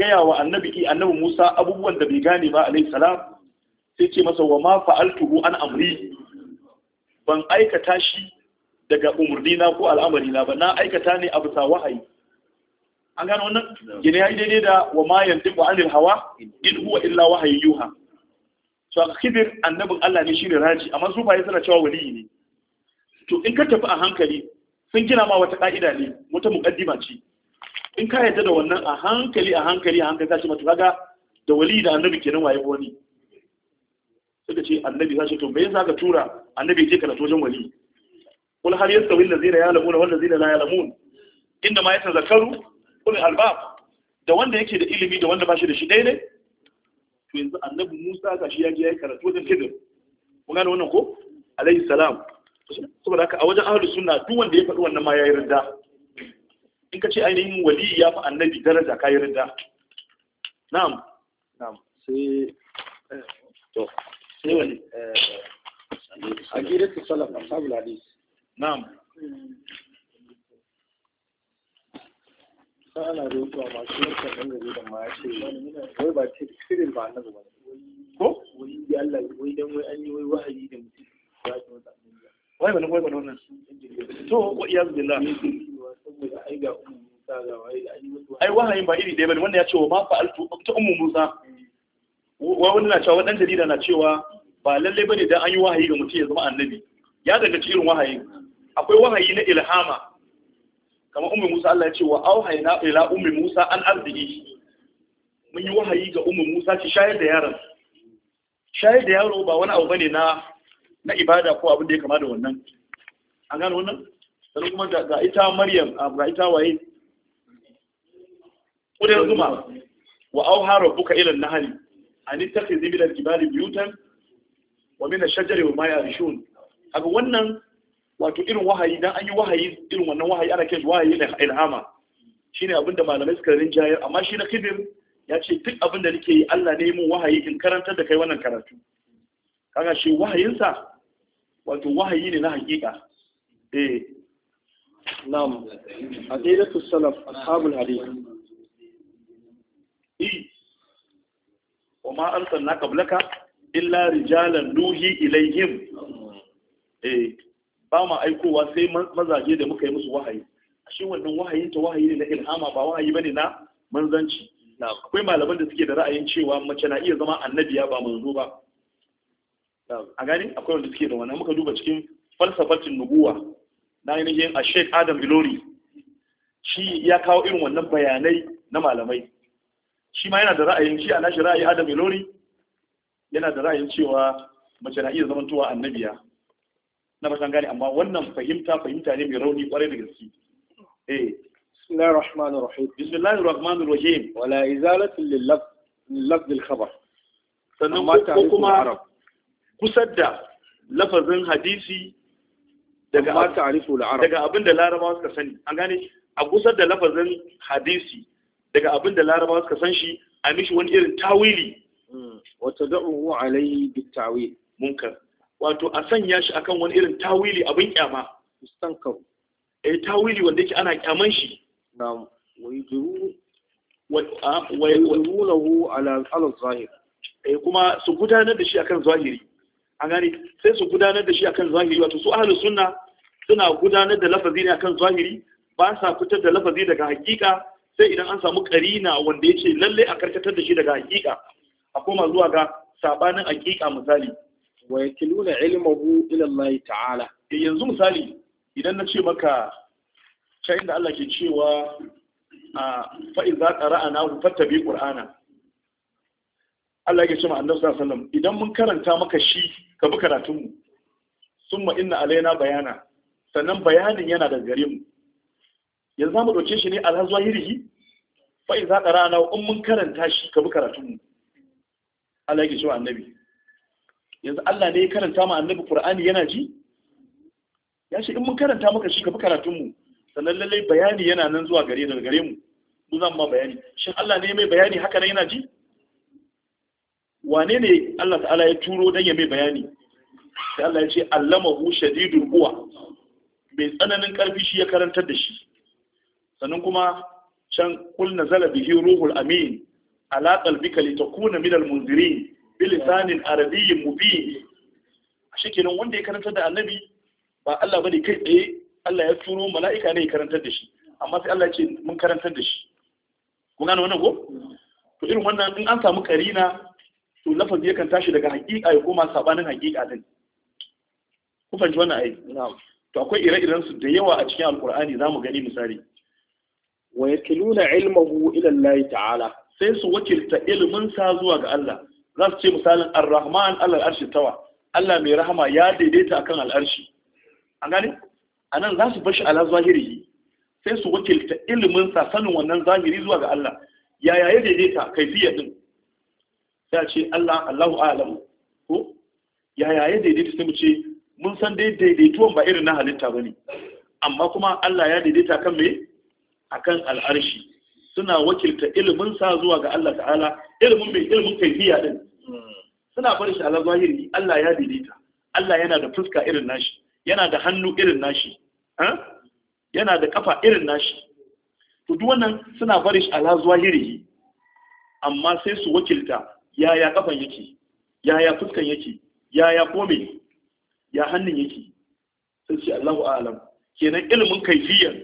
A: gaya wa annabi annabi Musa abubuwan da bai gane ba alaihi salam sai ce masa wa ma fa'altuhu an amri ban aikata shi daga umarni na ko al'amari na ba na aikata ne a bisa wahayi an gano wannan gine yi daidai da wa ma yantiqu anil hawa in huwa illa wahayi yuha so khidir annabin Allah ne shine raji amma su fa suna cewa waliyi ne to in ka tafi a hankali sun gina ma wata ka'ida ne wata muqaddima ce in ka yarda da wannan a hankali a hankali a hankali zai mutu kaga da wali da annabi kenan waye wani suka ce annabi zai to me yasa ka tura annabi ke karatu wajen wali. kul hal yastawi allazina ya'lamuna wal ladzina la ya'lamun inda ma yatazakkaru kul albab da wanda yake da ilimi da wanda ba shi da shi daidai to yanzu annabi Musa ga ya je ya karatu wajen Khidir kun gane wannan ko alayhi salam saboda haka a wajen ahlus sunna duk wanda ya faɗi wannan ma yayi ridda in ka ce ainihin wali ya fi annabi daraja ka yi ridda na'am na'am sai eh, to sai wani. Eh, a gidan salaf ashabul hadis na'am sai da roƙo masu yankan ɗan gari da ma ce wai ba ce shirin ba na gaba ko wai da Allah wai dan wai an yi wai wahayi da mutum ya ba wata wai ba wai ba wannan to wa iyaz billah ai wahayin ba iri ɗaya bane wanda ya ce wa ma fa'altu ta ummu musa hmm. wa wani na cewa wani jarida na cewa ba lallai bane dan an yi wahayi ga mutum ya zama annabi ya daga cikin wahayin akwai wahayi na ilhama kamar Umar Musa Allah ya ce wa auhayna ila Umar Musa an arziki. mun yi wahayi ga Umar Musa ci shayar da yaron shayar da yaro ba wani abu bane na na ibada ko abin da ya kama da wannan an gano wannan sai kuma ga ita Maryam ah, ga ita waye
B: kudan zuma
A: wa auha rabbuka ila an-nahli an ittakhidhi min al-jibali buyutan wa min ash-shajari wa ma yarishun haka wannan wato irin wahayi dan an yi wahayi irin wannan wahayi ana kiran wahayi na ilhama shine abin da malamai suka jayar amma shi na khidir ya ce duk abin da nake yi Allah ne mun wahayi in karantar da kai wannan karatu kaga shi wahayinsa wato wahayi ne na hakika eh nam aqidatu salaf ashabul hadith eh wa ma arsalna qablaka illa rijalan nuhi ilayhim eh ba ma aikowa sai mazaje da muka yi musu wahayi shi wannan wahayi ta wahayi ne na ilhama ba wahayi bane na manzanci akwai malaman da suke da ra'ayin cewa mace na iya zama annabiya ba manzo ba a gani akwai wanda suke da wannan muka duba cikin falsafatin nubuwa na ainihin a sheik adam ilori shi ya kawo irin wannan bayanai na malamai shi ma yana da ra'ayin shi a nashi ra'ayi adam ilori yana da ra'ayin cewa mace na iya zamantowa annabiya na bashan gane amma wannan fahimta fahimta ne mai rauni kwarai da gaske eh bismillahir rahmanir rahim bismillahir rahmanir rahim wala izalatu lil lafz al khabar sannan ko kuma kusar da lafazin hadisi daga ma ta'rifu al arab daga abinda larabawa suka sani an gane a kusar da lafazin hadisi daga abinda larabawa suka san shi a mishi wani irin tawili hmm. wa tad'uhu alayhi bit tawil munkar wato a sanya shi akan wani irin tawili abin kyama mustankar eh tawili wanda yake ana kyaman shi na'am wa yujuru wa yujuruhu ala al-zahir eh kuma su gudanar da shi akan zahiri an gani sai su gudanar da shi akan zahiri wato su ahlus sunna suna gudanar da lafazi ne akan zahiri ba sa fitar da lafazi daga hakika sai idan an samu karina wanda yace lalle a karkatar da shi daga hakika a koma zuwa ga sabanin hakika misali wa yakiluna ilmahu ila Allah ta'ala eh, yanzu misali idan na ce maka ta inda Allah ke cewa fa fa'in za ka ra'ana ku fattabi Allah ke cewa annabi sallallahu alaihi wasallam idan mun karanta maka shi ka bi karatunmu summa inna alaina bayana sannan bayanin yana da gare mu yanzu za mu shi ne alhazuwa fa fa'in za ka ra'ana in mun karanta shi ka bi karatunmu Allah ke cewa annabi yanzu Allah ne ya karanta ma annabi Qur'ani yana ji ya ce in mun karanta maka shi gaba karatun mu sannan lallai bayani yana nan zuwa gare daga gare mu mu zan ma bayani shin Allah ne mai bayani haka nan yana ji wane ne Allah ta'ala ya turo dan ya mai bayani sai Allah ya ce allamahu shadidul quwa mai tsananin karfi shi ya karantar da shi sannan kuma can kul nazala bihi ruhul amin ala qalbika litakuna minal munzirin bilisanin arabiyyin mubin shikenan wanda ya karantar da annabi ba Allah bane kai tsaye Allah ya turo mala'ika ne ya karantar da shi amma sai Allah ya ce mun karantar da shi ku gane wannan ko to irin wannan in an samu karina to lafazi yakan tashi daga hakika ya koma sabanin hakika din ku fahimci wannan ai to akwai ire-iren su da yawa a cikin alkur'ani zamu gani misali wa yakiluna ilmahu ila Allah ta'ala sai su wakilta ilmin sa zuwa ga Allah za su ce misalin al rahman alal arshi tawa Allah mai rahama ya daidaita akan al'arshi an gane anan za su bashi ala zahiri sai su wakilta ilimin sanin wannan zahiri zuwa ga Allah yaya ya daidaita fiye din Ya ce Allah Allahu a'lamu ko yaya daidaita sai mu ce mun san dai daidaituwan ba irin na halitta ba ne. amma kuma Allah ya daidaita kan me akan al'arshi suna wakilta ilimin sa zuwa ga Allah ta'ala ilimin bai ilimin kaifiya din suna bar shi ala zahiri Allah ya daidaita Allah yana da fuska irin nashi yana da hannu irin nashi yana da kafa irin nashi to duk wannan suna bar shi ala zahiri amma sai su wakilta yaya kafan yake yaya fuskan yake yaya kome ya hannun yake sai ce Allahu a'lam kenan ilimin kaifiyar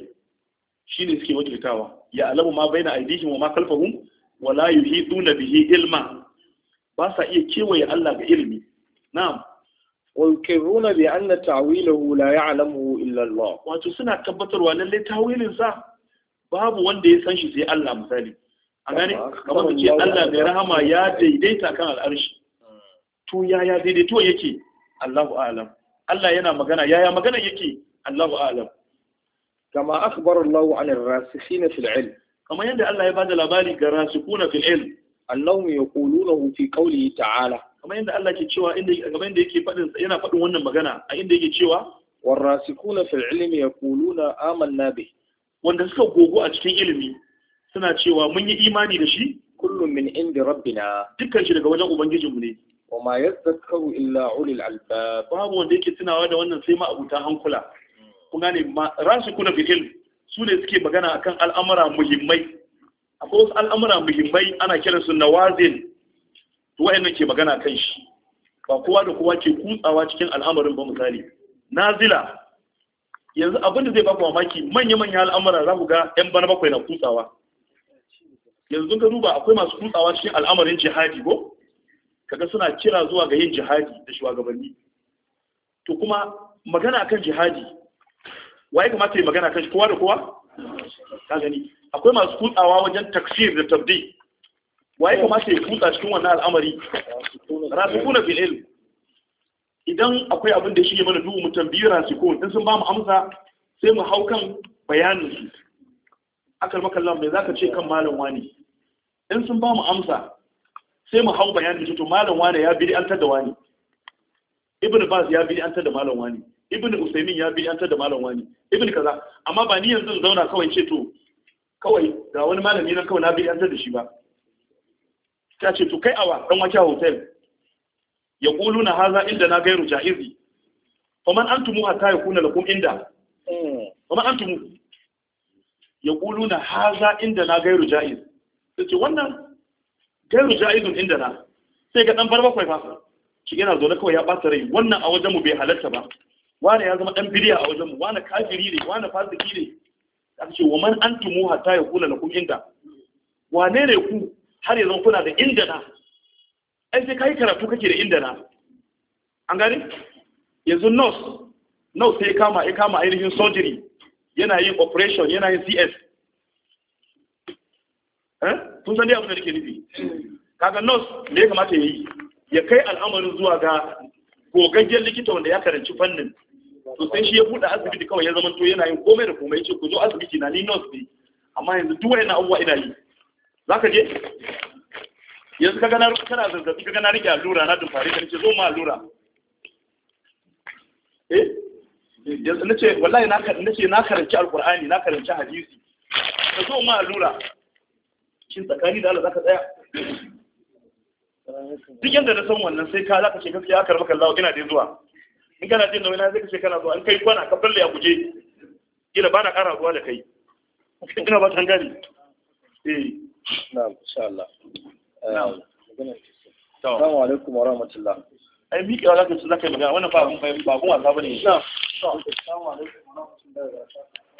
A: ne suke wakiltawa ya alamu ma na aidihim wa ma khalfahum wa la yuhiduna bihi ilma ba sa iya kewaye Allah ga ilimi na'am wa yukirruna bi anna ta'wilahu la ya'lamuhu illa Allah wato suna tabbatarwa lalle tawilin sa babu wanda ya san shi sai Allah misali
B: a gane kamar ce Allah mai rahama ya
A: daidaita kan al'arshi to yaya daidaito yake Allahu a'lam Allah yana magana yaya magana yake Allahu a'lam kama akhbara Allah an ar-rasikhina fil ilm kamar yadda Allah ya bada labari ga rasikuna fil ilm annahum yaqulunahu fi qawlihi ta'ala kamar yadda Allah ke cewa inda kamar yadda yake fadin yana fadin wannan magana a inda yake cewa warasikuna fil ilmi yaquluna amanna bih wanda suka gogo a cikin ilimi suna cewa mun yi imani da shi kullum min inda rabbina dukkan shi daga wajen ubangijinmu ne wa ma yadhakkaru illa ulul albab babu wanda yake tunawa da wannan sai ma abuta hankula kun gane rasikuna fil ilm su ne suke magana akan al'amura muhimmai akwai wasu al'amura muhimmai ana kiransu nawazin to wayannan ke magana kan shi ba kowa da kowa ke kutsawa cikin al'amarin ba misali nazila yanzu abin da zai baku mamaki manya-manya al'amura za ku ga 'yan bana bakwai na kutsawa yanzu ka duba akwai masu kutsawa cikin al'amarin jihadi ko kaga suna kira zuwa ga yin jihadi da shugabanni to kuma magana akan jihadi waye kamata ya magana kan shi kowa da kowa ka gani akwai masu kutsawa wajen taksir da tabdi waye kamata ya kutsa cikin wannan al'amari rasikuna bil ilm idan akwai abin da shi ya mana duhu mu tambayi rasikun in sun ba mu amsa sai mu hau kan bayanin su akal makallan mai zaka ce kan malam wani in sun ba mu amsa sai mu hau bayanin su to malam wani ya bid'antar da wani ibn bas ya bid'antar da malam wani ibn usaimin ya bi'antar da malam wani ibn kaza amma ba ni yanzu zauna kawai ce to kawai ga wani malami nan kawai na bi'antar da shi ba ta ce to kai awa dan wake hotel ya na haza inda na gairu jahizi faman antumu hatta yakuna lakum inda faman antumu ya na haza inda na gairu jahiz ce wannan gairu jahizun inda na sai ga dan bar bakwai fa shi yana zaune kawai ya ɓata rai wannan a wajen mu bai halarta ba wane ya zama ɗan bidiya a wajenmu wane kafiri ne wane fasiki ne a ce wa man antumu hatta na lakum inda wane ne ku har yanzu kuna da inda na ai sai kai karatu kake da inda na an gane yanzu nurse nurse sai kama ya kama ainihin surgery yana yin operation yana yin CS eh kun san dai abin da nake nufi kaga nurse me ya kamata ya yi ya kai al'amarin zuwa ga gogaggen likita wanda ya karanci fannin to sai shi ya buɗe asibiti kawai ya zama to yana yin komai da komai ce ku zo asibiti na ni nurse ne amma yanzu duk wani abubuwa ina yi za ka je yanzu ka gana kana zazzabi ka gana rike allura na dumfare kan ce zo ma allura eh yanzu nace wallahi na nace na karanci alqur'ani na karanci hadisi ka zo ma allura shin tsakani da Allah zaka tsaya duk yanda na san wannan sai ka zaka ce gaskiya aka rabaka Allah ina da zuwa in kana jin nauyi na zai kace kana zuwa in kai kwana ka balle a guje kila ba na ƙara zuwa da kai ina ba tan gani eh na'am insha Allah eh, na'am assalamu alaikum wa rahmatullah ai mi ka zaka ci zaka magana wannan ba abun ba abun wasa bane na'am assalamu alaikum wa rahmatullah